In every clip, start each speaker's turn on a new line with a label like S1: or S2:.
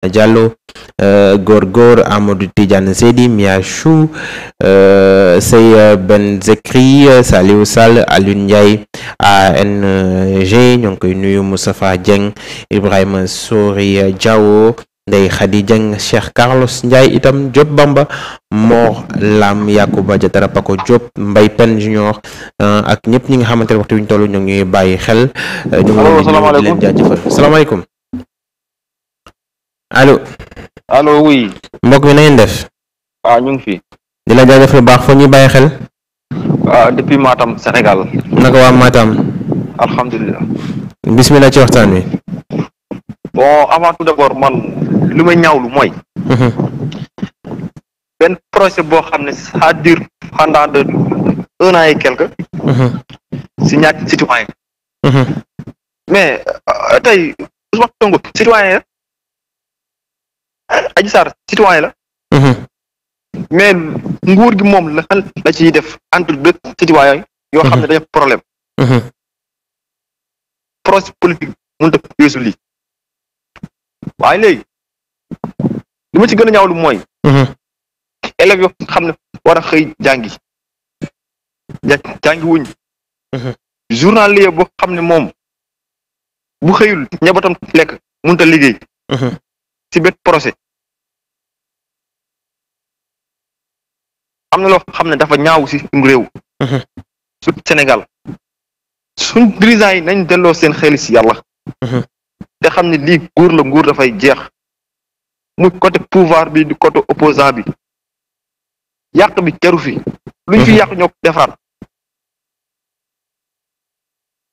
S1: Diallo Gorgor euh, Amadou Tidiane Seydi Miachou euh, Sey benn Zekri Saliou Sall Alioune Ndiaye ANG ñoo ngi koy nuyu Moustapha Dieng Ibrahima Sori Diawo Ndeye Khady Dieng Cheikh Carlos Ndiaye itam Diop Bamba Mor Lam Yakuba Diatara Paco Diop mbay Pen Junior euh, ak ñëpp ñi nga xamante ne waxtu wi ñu toll ñoo ngi bàyyi xel ñu ngi leen allo. allo oui. mbokk mi na ngeen def. waaw ah, ñu ngi fi. di la lu baax foo ñuy bàyyi xel. waaw ah, depuis Matam Sénégal. naka waa Matam. alhamdulilah. bismillah ci waxtaan wi. bon avant tout d'abord man
S2: li may ñaawlu mooy. Mhm. benn projet boo xam ne ça dure de un an quelque. Mhm. si ñaari citoyen mhm. mais euh, tey Ousmane Sonko citoyen Adji Sarr citoyen la. Mhm. mais nguur gi moom la la ciy def entre deux citoyens yoo xam ne mhm. dañoo problème. Mhm. procès politique mënut a weesu lii waaye léegi li ma ci gën a ñaawlu mooy. élèves yoo xam ne war a xëy jàngi jàngi wuñ. journalier boo xam ne moom bu xëyul ñabatam lekk mënut a liggéey. ci bét procès am na loo xam ne dafa ñaaw si réew mhm. su Sénégal suñ dirigeants yi nañ delloo seen xel si yàlla mhm. te xam ne lii nguur la nguur dafay jeex muy côté pouvoir bi di côté opposant bi yàq bi teru fi luñ fi mhm. yàq ñoo ko defar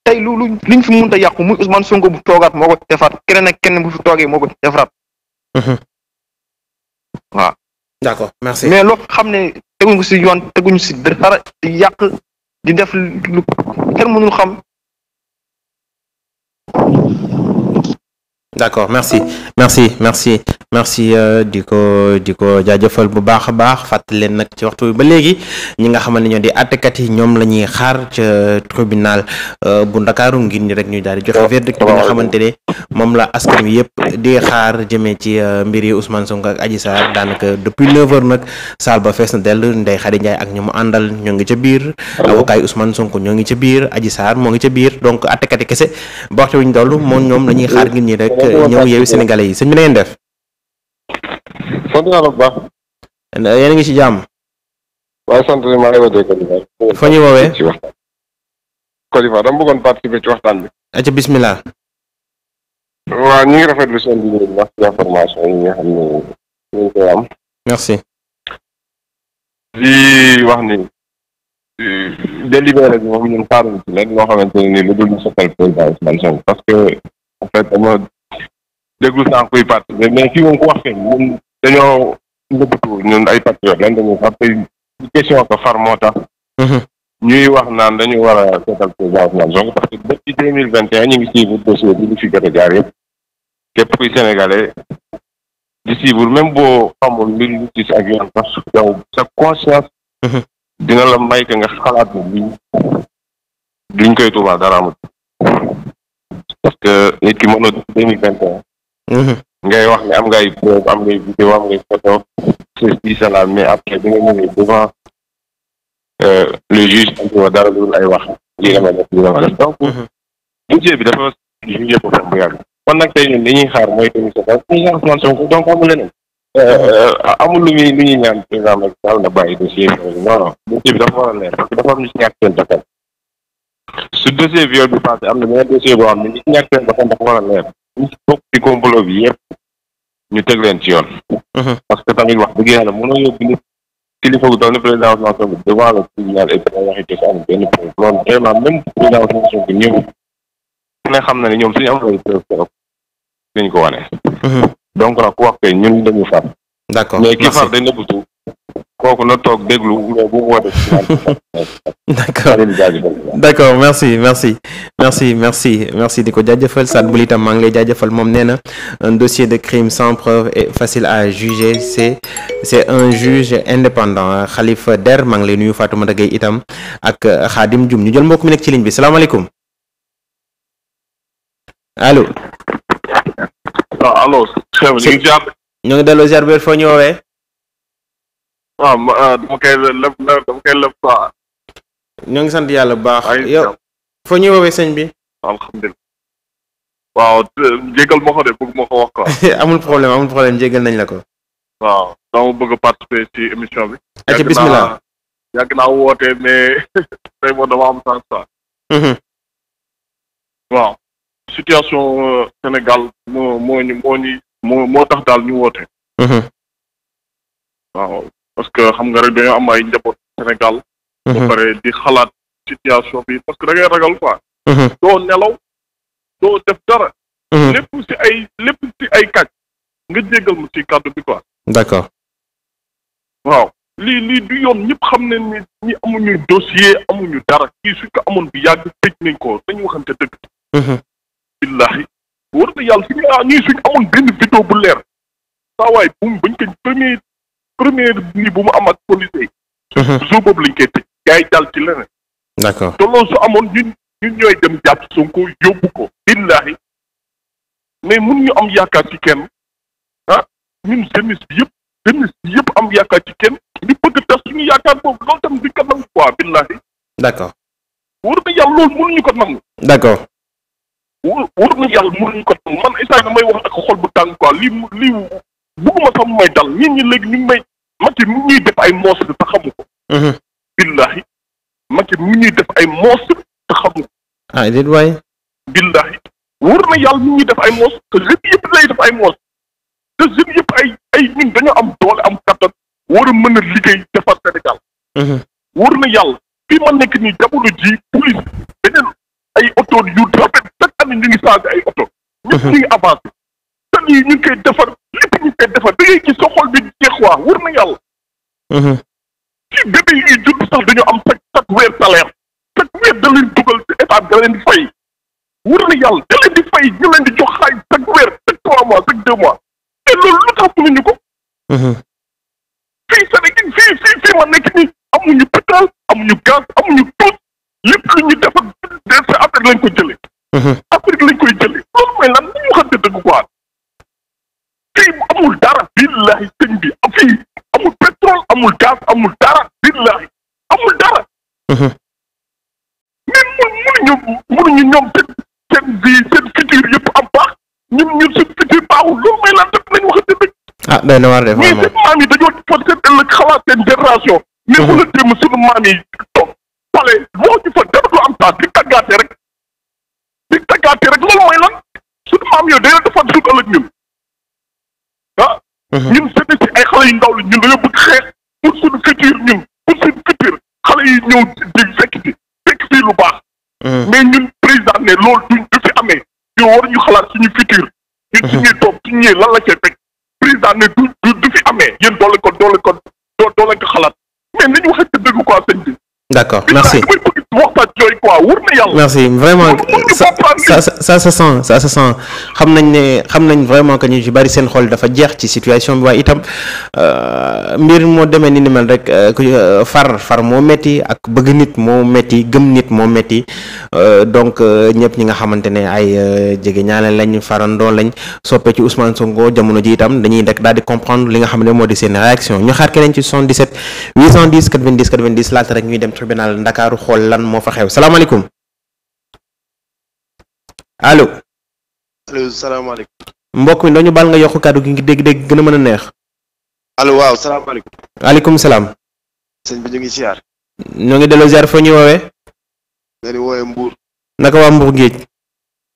S2: tey lu luñ fi mënta yàq mu Ousmane Sonko bu toogaat moo ko defaraat keneen ak keneen bu fi toogee moo ko defaraat Mhm. waaw. d'accord merci mais loo xam ne teguñu si yoon teguñu si dara yàq di def kenn mënul xam.
S1: d'accord merci merci merci merci euh, di ko di ko jaajëfal bu baax a baax fàttali leen nag ci waxtu bi ba léegi ñi nga xamante ne ñoo di àttekat yi ñoom la ñuy xaar ca tribunal euh, bu ndakaaru ngir ñi rek ñuy daal di joxe verdict bi nga xamante ne moom la askan wi yëpp di xaar jëmee ci euh, mbir yi Ousmane Sonko ak Adji Sarr daanaka depuis neuf heures nag saal ba fees na dell Ndeye Khady ak ñu mu àndal ñoo ngi ca biir avocat yi Ousmane Sonko ñoo ngi ca biir Adji saar moo ngi ca biir donc àttekat yi kese ba waxtu wi ñoom la ñuy xaar ngir ñi rek ñëw yeewi sénégalais yi sëñ bi na ngeen def.
S3: sant yàlla bu baax.
S1: yéen a ngi ci jàmm.
S3: waaye sant bi maa ngi wootee Côte d'Ivoire. fa ñu woowee. Côte d'Ivoire dama bëggoon participer ci waxtaan bi.
S1: aca bismillah.
S3: waaw ñu ngi rafetlu seen liggéey bu baax xam ne am. merci. wax ni. délibéré bi moom nii lu dul ñu soppal président Ousmane Sonko parce que en fait dama déglu sànq kuy participer mais fii moom ku wax feeñ ñun dañoo nëbbatu ñun ay patriote lan dañu xam tey question ko far moo tax mhm. ñuy wax naan dañu war a seetal président Ousmane Sonko parce que deux mille vingt et un ñu ngi suivre dossier bi ñu fi gën a jaar yëpp képp kuy sénégalais di suivre même boo xamul mbir lu gis ak yoon sax yow sa conscience mhm. dina la may que nga xalaat ne lii duñ koy tuumaal dara amul parce que nit ki mën deux mille vingt et Mhm. ngay wax ne am ngay preuve am ngay vidéo am ngay mais après bi nga ñëwee devant euh, le juge ay wax lii dama def lii donc mhm. kon nag tey li ñuy xaar mooy démission ñu ñaan Ousmane Sonko ñuy lu dossier bi dafa war a leer parce que dafa am ñu si ñàkk seen su dossier viol bi passé am na beneen dossier boo xam ne ñu si ñàkk dafa war a leer bokk ci complot bi yëpp ñu teg leen ci yoon. Mhm. parce que tamit wax dëgg yàlla mënoo yóbbu nit kilifa gu toll ni président a Sonko devant le tribunal et puis waxi ci am benn preuve loolu vraiment même président Ousmane Sonko ñëw ku ne xam na ne ñoom suñu am lay preuve trop dañ ko wane. Mhm. donc nag ku wax kay ñun dañu far. d'accord mais ki far dañ nëbbatu kooku la toog déglu bu mu wootee d'accord
S1: d'accord merci merci merci merci merci di ko jaajëfal Saad Bou itam maa ngi lay jaajëfal moom nee na un dossier de crime sans preuve est facile à juger c'est c'est un juge indépendant xalifa Der maa ngi lay nuyu Fatoumata Gueye itam ak Khadim Dioum ñu jël mbokk mi nekk ci ligne bi salaamaaleykum allo. waaw allo. ñoo foo ñu woowee. waaw ah, dama koy lëf dama koy lëf quoi. ñoo ngi sant yàlla bu baax. yow foo ñuy woowee sëñ bi.
S4: alhamdulilah. waaw jégal ma ko de bëgg ma ko wax quoi.
S1: amul problème amul problème jégal nañ la ko.
S4: waaw dama bëgg a participer ci émission bi.
S1: ayca bismillah
S4: yàgg naa woote mais tey moom dama am chance quoi. Mhm. waaw situation euh, Sénégal moo moo moo tax daal ñu woote. Mhm. waaw parce que xam nga rek dañoo am ay njaboot Sénégal. Mhm. ba pare di xalaat situation bi parce que da ngay ragal quoi. Mhm. doo nelaw doo def dara. Mhm. lépp ci ay lépp ci ay kàcc nga jéggal ma ci kàddu bi quoi. d'accord waaw lii lii du yoon ñëpp xam ne ni ñi amuñu dossier amuñu dara kii suñ ko amoon bi yàgg tëj nañ ko dañu waxante dëgg. billahi war na yàlla suñu ñuy amoon benn vidéo bu leer saa waay buum bañ ko premier premier nii bu mu am ak policier yi mhm. jour boobu lañ koy tëj gars te
S1: loolu
S4: su amoon ñun ñun ñooy dem jàpp Sonko yóbbu ko billahi mais mun ñu am yaakaar ci kenn ah ñun jeunesse bi yëpp jeunesse yëpp am yaakaar ci kenn ñu bëgg tas suñu yaakaar boobu loolu tam duñ ko nangu quoi billahi d'accord wóor na yàlla loolu mënuñu ko nangu d'accord wóor na yàlla mënuñu ko nangu man instant damay wax ak xol bu tàng quoi lii lii bugguma sax mu may dal ñit ñi léegi ñu ngi may Macky mu ñuy def ay moos te xamu ko mhm. billahi Macky mu ñuy def ay moos te xamu ko ah déet waay billahi wóor na yàlla mu ñuy def ay moos te jeunes yëpp lay def ay moos te jeunes yëpp ay ay ñun dañoo am doole am kattan war mën a liggéey defar Sénégal mhm. wóor na yàlla fii ma nekk nii jamono ji police beneen ay oto yu rafet chaque année ñu ngi changé ay oto mhm. ñëpp ñu ngi avancé ngi koy defar te dafa da ngay gis sa xol bi jeex waa wër na yàlla. ci bébé yi judd sax dañu am chaque chaque weer salaire chaque weer da leen dugal ci état bi di fay wër na yàlla da di fay ñu leen di jox xaalis chaque weer chaque trois mois chaque deux te loolu lu tax mënuñu ko. fii Sénégal fii fii fii ma nekk nii amuñu pétrole amuñu gaz amuñu tout lépp lu ñu def ak des Afrique lañ ko jëlee. Afrique lañ koy jëlee loolu mooy lan li ñu waxante dëgg quoi. fii amul dara billahi sëñ bi fii amul pétrole amul gaz amul dara billahi amul dara mais mhm. mun munuñu munuñu ñoom seen seen vie seen futur yëpp am baax ñun ñun seen futur baaxul loolu may lan def nañ waxante dëgg
S1: ah doy na war def mais seen
S4: maam yi dañoo defoon seen ëllëg xalaat mhm. wax ñu fa dara du am tax di taggaate rek di taggaate rek loolu mooy lan suñu maam yooyu dañoo defoon suñu ëllëg ñun ah. Mhm. ñun sëñ si ay xale yu ndaw la ñun dañoo bëgg xeex pour suñu futur ñun pour suñu futur xale yi ñëw di fekk ci fekk fii lu baax. Mhm. mais ñun président ne loolu duñ du fi amee ñu war ñu xalaat suñu futur. Mhm. ñun suñuy toog suñuy lan la cee fekk président ne du du du fi amee yéen doole ko doole ko doo doole ko xalaat mais nañu waxee dëgg quoi sëñ
S1: bi. d'accord merci jooy quoi wur na yàlla. merci vraiment sa ça se sent ça se sent xam nañ ne xam nañ vraiment que ñu ci bari seen xool dafa jeex ci situation bi waaye itam euh, mbir moo demee ni ni mel rek euh, euh, far far moo metti ak bëgg nit moo metti gëm nit moo metti donc ñëpp ñi nga xamante ne ay jege ñaale lañ farandoo lañ soppe ci Ousmane Sonko jamono ji itam dañuy rek daal di comprendre li nga xam ne moo di seen réaction ñu xaar keneen ci 77 810 90 rek ñuy dem tribunal Ndakaaru xool lan moo fa bi salaamaaleykum allo.
S2: allo salaamaaleykum.
S1: mbokk mi dañu baal nga yokk kàddu gi ngi dégg-dégg gën a mën a neex.
S2: alo waaw salaamaaleykum.
S1: waaleykum salaam. sëñ bi ñu ngi ñoo ngi delloo ziar foo ñuy woowee.
S2: nga di woowee Mbour.
S1: naka waa Mbour géej.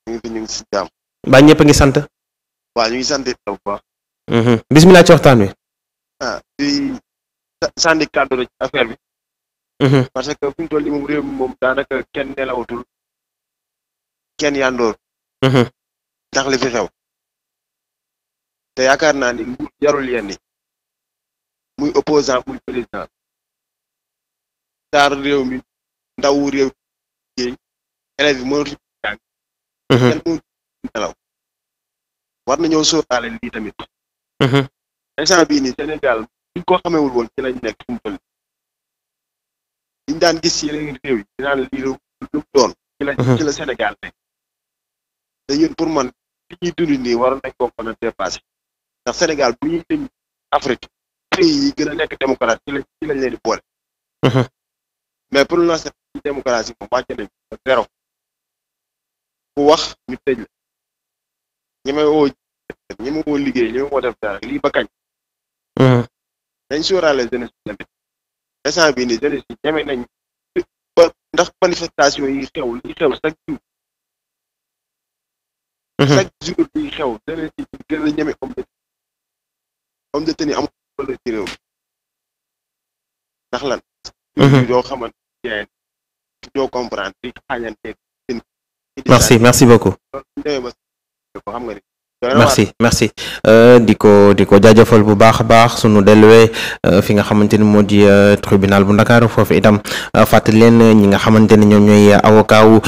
S1: ñu ngi ñu ngi ñëpp a ngi sant. waa ñu ngi sant mhm. ci waxtaan wi.
S2: ah di kàddu rek affaire bi. Mhm. parce que fi ñu toll nii moom réew mi moom daanaka kenn nelawatul kenn yandoor mhm. ndax li fi xew te yaakaar naa ni nguur jarul muy opposant muy président taar réew mi ndawu réew géeñ élèves yi mënatu jàng mhm. kenn nelaw war na ñëw sóoraale lii tamit instant bii ni Sénégal buñ ko xamewul woon ci lañ nekk fu mu liñ daan gis ci yeneen réew yi ci la mhm. ci la pour man fi ñuy dund nii war nañ ko mën a ndax senegal bu ñuy tëj Afrique pays yi gën nekk démocrate ci la ci lañ leen di boole mhm. mais pour l'instant ci démocratie moom wàcc nañ zéro ku wax ñu tëj la liggéey ñi ma woo def dara lii ba kañ mhm. dañ sóoraale jeunesse instant bii nii jeunes yi ñeme nañ ba ndax manifestation yi xew li xew chaque jour. Mhm. chaque jour liy xew jeunes yi gën a ñeme homme de homme de tenue amul wala ci réew mi ndax lan. yoo mhm. xamante ne ñoo comprendre di
S5: merci
S1: merci beaucoup. merci merci euh, di ko di ko jaajëfal bu baax a baax sunu delluwee euh, fi nga xamante ni moo di euh, tribunal bu Ndakaaru foofu itam fàttali leen ñi nga xamante ni ñoom ñooy avocat wu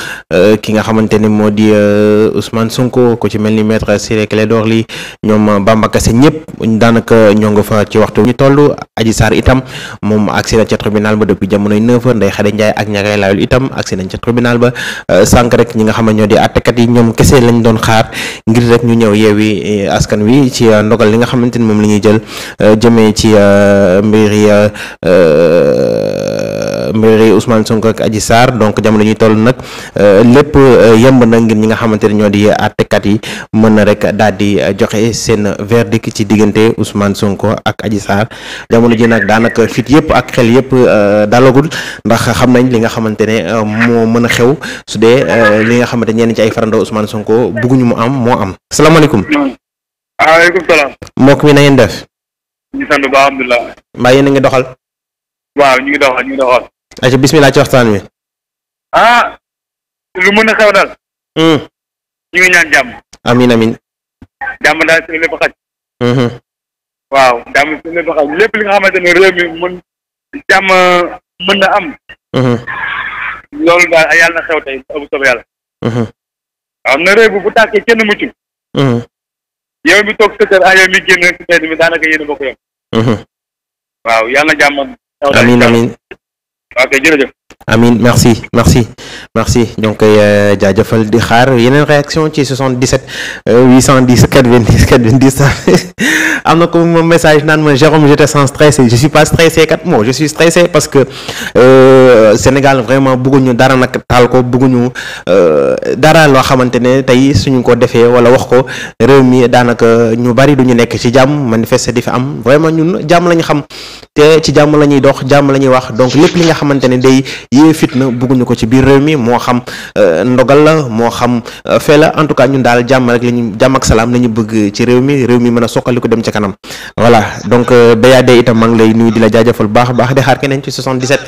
S1: ki nga xamante ni moo di Ousmane Sonko ku ci mel ni maître Ciré Clédor Ly ñoom Bamba Kassé ñëpp daanaka ñoo nga fa ci waxtu ñu toll Adji Sarr itam moom agsi na ca tribunal ba depuis jamonoy neuf heures Ndeye Khady Ndiaye ak ñagay laayul itam agsi nañ ca tribunal ba sànq rek ñi nga xam ne ñoo di àttekat yi ñoom kese yeewi eh, askan wi ci eh, ndogal li nga xamante ni moom la ñuy jël eh, jëmee ci mbir yi mbiri Ousmane Sonko ak Adji Sarr donc jamono ñuy toll nag euh, lépp euh, yemb na ngir ñi nga xamante ne ñoo di àttekat yi mën na rek daal di euh, joxe seen verdict ci diggante Ousmane Sonko ak Adji Sarr jamono ji nag daanaka fit yëpp ak xel yëpp dalagul ndax xam nañ li nga xamante ne moo mën a xew su dee li nga xamante ñenn ci ay farandoo Ousmane Sonko bugguñu mu am moo am salaamaaleykum. waaleykum mbokk mi na ngeen def.
S4: ñu sant a ngi doxal. waaw ñu ngi doxal ñu ngi doxal.
S1: ayca bismillah ci waxtaan wi.
S4: ah lu mën a xew daal. Hmm. ñu ngi ñaan jàmm. amin amin jàmm daal ci lépp xaj. Hmm. lépp li nga xamante ne réew mi mën jàmm mën na am. Hmm. loolu daal yàlla na xew tey bu soobee yàlla. waaw na réew bu tàkkee kenn muccul. yow mi toog sa ah yow mi génn ci mbedd mi daanaka yéen a bokk yam. waaw yàlla na jàmm. amin amin
S1: ok jërëjëf. amin merci merci merci ñoo ngi koy jaajëfal di xaar yeneen réaction ci 77 810 90 90 am na ko moom message naan ma Jérôme j'étais sans stress je suis pas stressé kat bon je suis stressé parce que euh, Sénégal vraiment bëgguñu dara nag taal ko bëgguñu euh, dara loo xamante ne tey suñu ko defee wala wax ko réew mi daanaka ñu bari du ñu nekk ci jàmm manifeste di fi am vraiment ñun jàmm lañu xam te ci jàmm la ñuy dox jàmm la ñuy wax donc lépp li nga xamante ne day yee fitna bugguñu ko ci biir réew mi moo xam euh, ndogal la moo xam euh, fee la en tout cas ñun daal jàmm rek la ñu jàmm ak salaam la ñu bëgg ci réew mi réew mi mën a soqali dem ci kanam voilà donc euh, BAD itam maa ngi lay di la jaajëfal baax baax di xaar keneen ci 77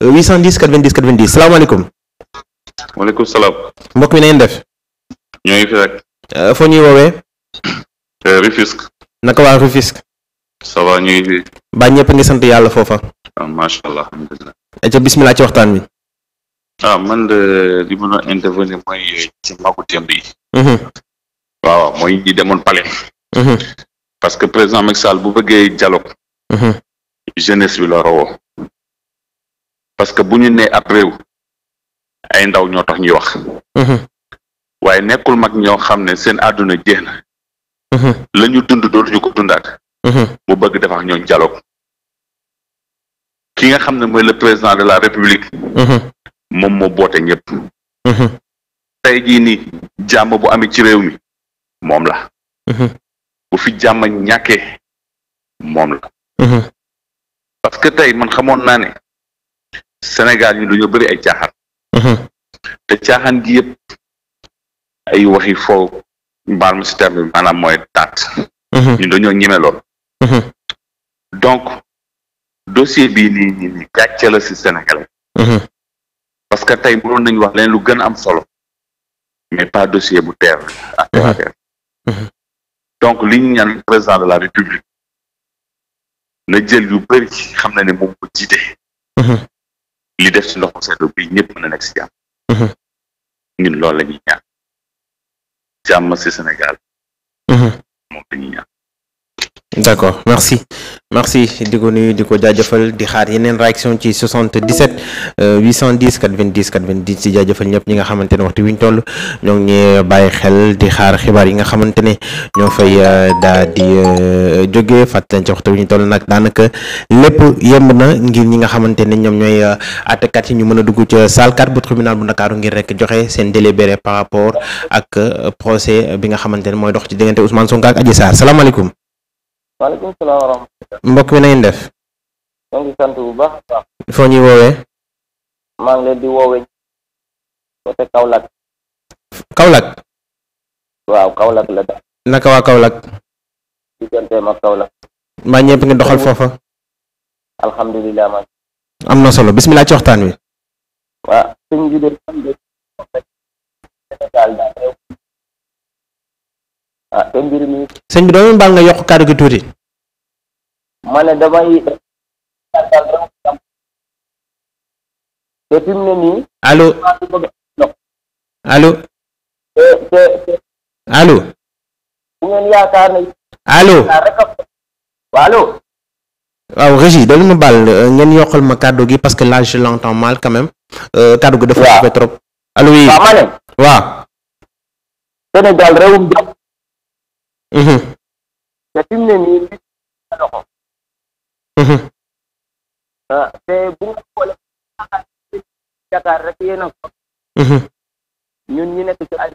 S1: 810 90 90 salaamaaleykum. maaleykum salaam. mbokk mi na ngeen def.
S6: ñoo fi rek. foo ñuy woowee. Rufisque. naka waa Rufisque. ça va ñuy.
S1: ba ñëpp ngi sant yàlla
S6: foofa. ah macha allah alhamdulilah.
S1: ca bismillah ci waxtaan wi.
S6: ah man de li mën a intervenir mooy ci yi. Mhm. waaw mooy ñi demoon palais. Mhm. parce que président Macky Sall bu bëggee dialogue. Mhm. jeunesse bi la rawoo. parce que bu ñu nee ab réew. ay ndaw ñoo tax ñuy wax. waaye nekkul mag ñoo xam ne seen àdduna jeex na. la ñu dund dootuñu ko dundaat. Mm-hmm. mu bëgg def ak ñoom dialogue ki nga xam ne mooy le président de la république mm-hmm. moom moo boote ñëpp mm-hmm. tey jii nii jàmm bu ame ci réew mi moom la fi jàmm ñàkkee moom la parce que tey man xamoon naa ne Sénégal ñu dañoo bëri ay caaxaan te caaxaan gi yëpp ay waxi foo mbaal ma si terme bi maanaam mooy taat ñu dañoo ñeme lool Mm-hmm. donc dossier bii nii nii nii gàcce la si Sénégalais. Mm-hmm. parce que tey mënoon nañu wax leen lu gën am solo mais pas dossier bu teer
S5: à terre à mm-hmm. terre
S6: donc li ñu ñaan président de la république na jël yu bëri xam na ne moom ko li def si ndoxu sedd bi ñëpp mën a nekk si
S5: jàmm
S6: ñun loolu la ñuy ñaan Sénégal
S5: moom la ñaan
S1: d'accord merci merci di ko nuyu di ko jaajëfal di xaar yeneen réaction ci 77 810 90 90 di jaajëfal ñëpp ñi nga xamante ne waxtu wi ñu toll ñoo ngi ñuy bàyyi xel di xaar xibaar yi nga xamante ne ñoo fay euh, daa di euh, jógee fàttali ci waxtu wi ñu toll nag daanaka lépp yemb na ngir ñi nga xamante ne ñoom ñooy euh, àttekat yi ñu mën a dugg ci salle 4 bu tribunal bu Ndakaaru ngir rek joxe seen délibéré par rapport ak procès bi nga xamante ne mooy dox ci diggante Ousmane Sonko ak Adji Sarr salaamaaleykum
S7: waaleykum salaam wa rahmatulah. mbokk mi na ngeen bu baax baax. foo ñuy woowee. maa ngi leen di woowee. côté Kaolack. Kaolack. waaw Kaolack la daal.
S1: naka waa Kaolack.
S7: digganteem ak Kaolack.
S1: mbaa ñëpp ngi doxal foofa.
S7: alhamdulilah man.
S1: am na solo bisimilah ci
S7: wi. waa suñ bi de xam nga Sénégal daal réew ah te mbir mi. sëñ bi doo baal nga yokk kàddu gi tuuti. ma damay. te fi mu
S1: waaw Régis doo ma baal euh, ngeen yokkal ma kàddu gi parce que là je l'entends mal quand euh, gi dafa. waaw trop. allo
S7: Sénégal réewum jàpp. te fi mu ne nii mbir mi loxo. te bu nga xoolee Dakar rek yéen a ko. ñun ñu nekk ci àll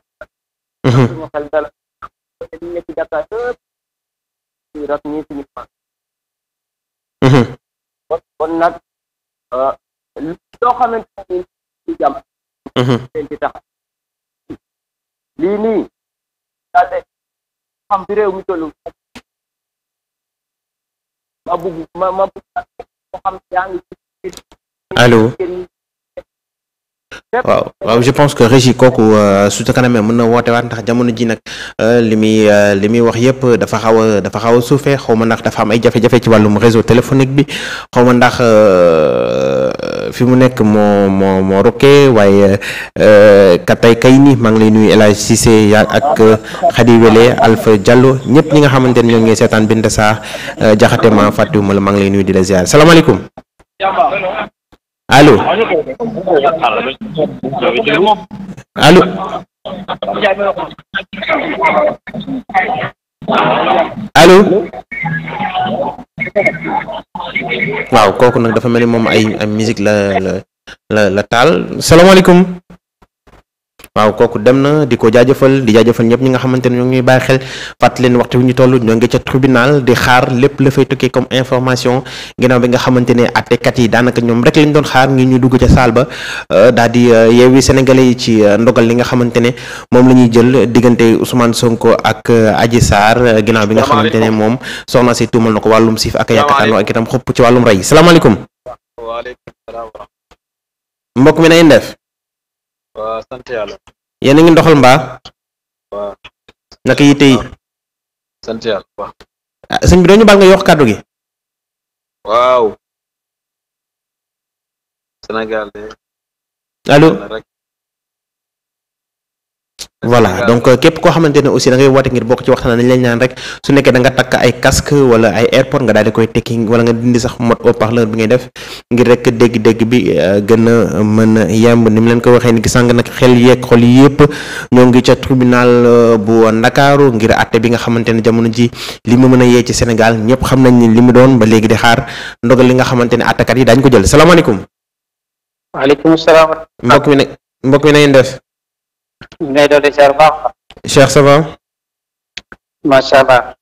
S7: xam fi réew waaw je pense que Régis kooku
S1: euh, su ta mën na woote waat ndax jamono ji nag euh, li muy euh, li muy wax yépp dafa xaw a dafa xaw a suufee xaw ma ndax dafa am ay jafe-jafe ci wàllum réseau téléphonique bi xaw ma ndax fi mu nekk moo moo moo rokkee waaye euh, katay kay ni maa lay nuyu El Hadj Cissé yaa ak euh, Khady Wele Alpha Diallo ñëpp ñi nga xamante ne ñoo ngi seetaan Binta Sarr jaxate euh, ma fàttewuma la maa lay nuyu di la ziar salaamaaleykum allo allo waaw kooku nag dafa mel ni moom ay ay la la la la taal salaamaaleykum waaw kooku dem na di ko jaajëfal di jaajëfal ñëpp ñi nga xamante ne ñoo ngi ñuy bàyyi xel fàttali leen waxtu ñu toll ñoo ngi ca tribunal di xaar lépp la fay tokkee comme information ginaaw bi nga xamante ne àttekat yi daanaka ñoom rek lañ doon xaar ngir ñu dugg ca saal ba euh, daal di euh, yeewi sénégalais yi ci euh, ndogal li nga xamante ne moom la ñuy jël diggante Ousmane Sonko ak aji saar ginnaaw bi nga xamante ne moom soxna si tuumal na ko wàllum siif ak yàkkataanoo ak itam xupp ci wàllum rey salaamaaleykum mbokk mi na ngeen
S7: waaw sant a
S1: ngi ndoxal mbaa.
S6: waaw. naka yi. sant yàlla waaw.
S7: Ah, bi dañu baal nga yokk kàddu gi. waaw. voilà
S1: donc euh, képp koo xamante ne aussi da ngay woote ngir bokk ci waxtaan nañ lañ naan rek su nekkee da nga takk ay casque wala ay airport nga daal di koy tekki wala nga dindi sax mode haut-parleur bi ngay def ngir rek dégg-dégg bi euh, gën a mën a yemb ni mu leen ko waxee ni ki sàng nag xel yeeg xol yëpp ñoo ngi ca tribunal euh, bu Ndakaaru ngir àtte bi nga xamante ne jamono ji li mu mën a yee ci senegal ñëpp xam nañ ni li mu doon ba léegi di xaar ndogal li n xamante ne àttekat yi daañu ko jël salaamaaleykum.
S7: waaleykum salaam. mbokk na ñu ngi lay dolli ziar bu baax. Cheikh ça va. allah.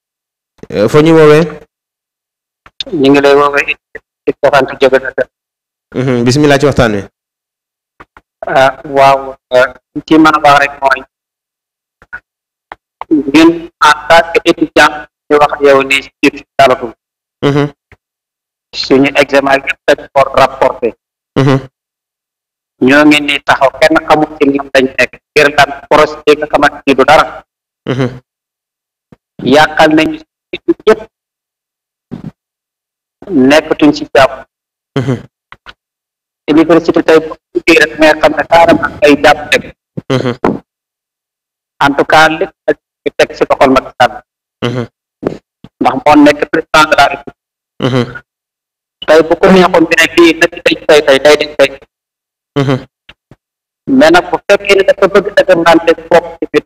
S1: Euh, fa ñu woowee.
S7: ñu ngi lay woowee ci waxantu Jabel FM.
S1: Mhm, bisimilah ci waxtaan wi.
S7: ah waaw euh, ci a wax rek mooy mhm. suñu examen yëpp dañ ko rapporté. Mhm. ñoo ngi nii taxaw kenn xamul ci lan lañ nekk ngir lan projet bi nekk mhm. tuñ ci yëpp mhm. xam ne carrément ay jàpp teg mhm. en tout cas lépp nag ñu ndax moo nekk président de la ko neexoon bi ne lii na ci tey tey tey tey dañ tey Mm-hmm. mais nag bu fekkee ne dafa bëgg dëggantaante bopp ci biir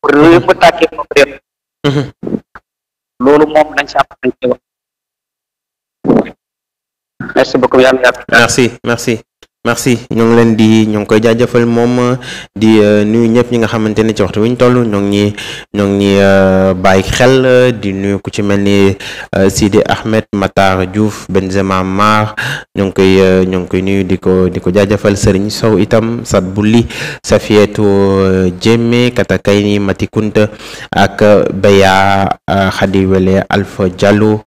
S7: pour mm-hmm. loolu moom lañ si am merci
S1: merci merci ñoo ngi leen di ñoo ngi koy jaajëfal moom di euh, nuyu ñëpp ñi nga xamante ni ci waxtu wi ñu toll ñoo ngi ñoo ngi euh, bàyyi xel di nuyu ku ci mel ni euh, Sidi Ahmed Matar Diouf Benzema Mar ñoo ngi koy ñoo ngi koy nuyu di ko di ko jaajëfal Serigne Sow itam Sat Bulli Safiyetu Jéeme
S5: Katakayni Mati Kunta ak Beya Khady Wele Alpha Diallo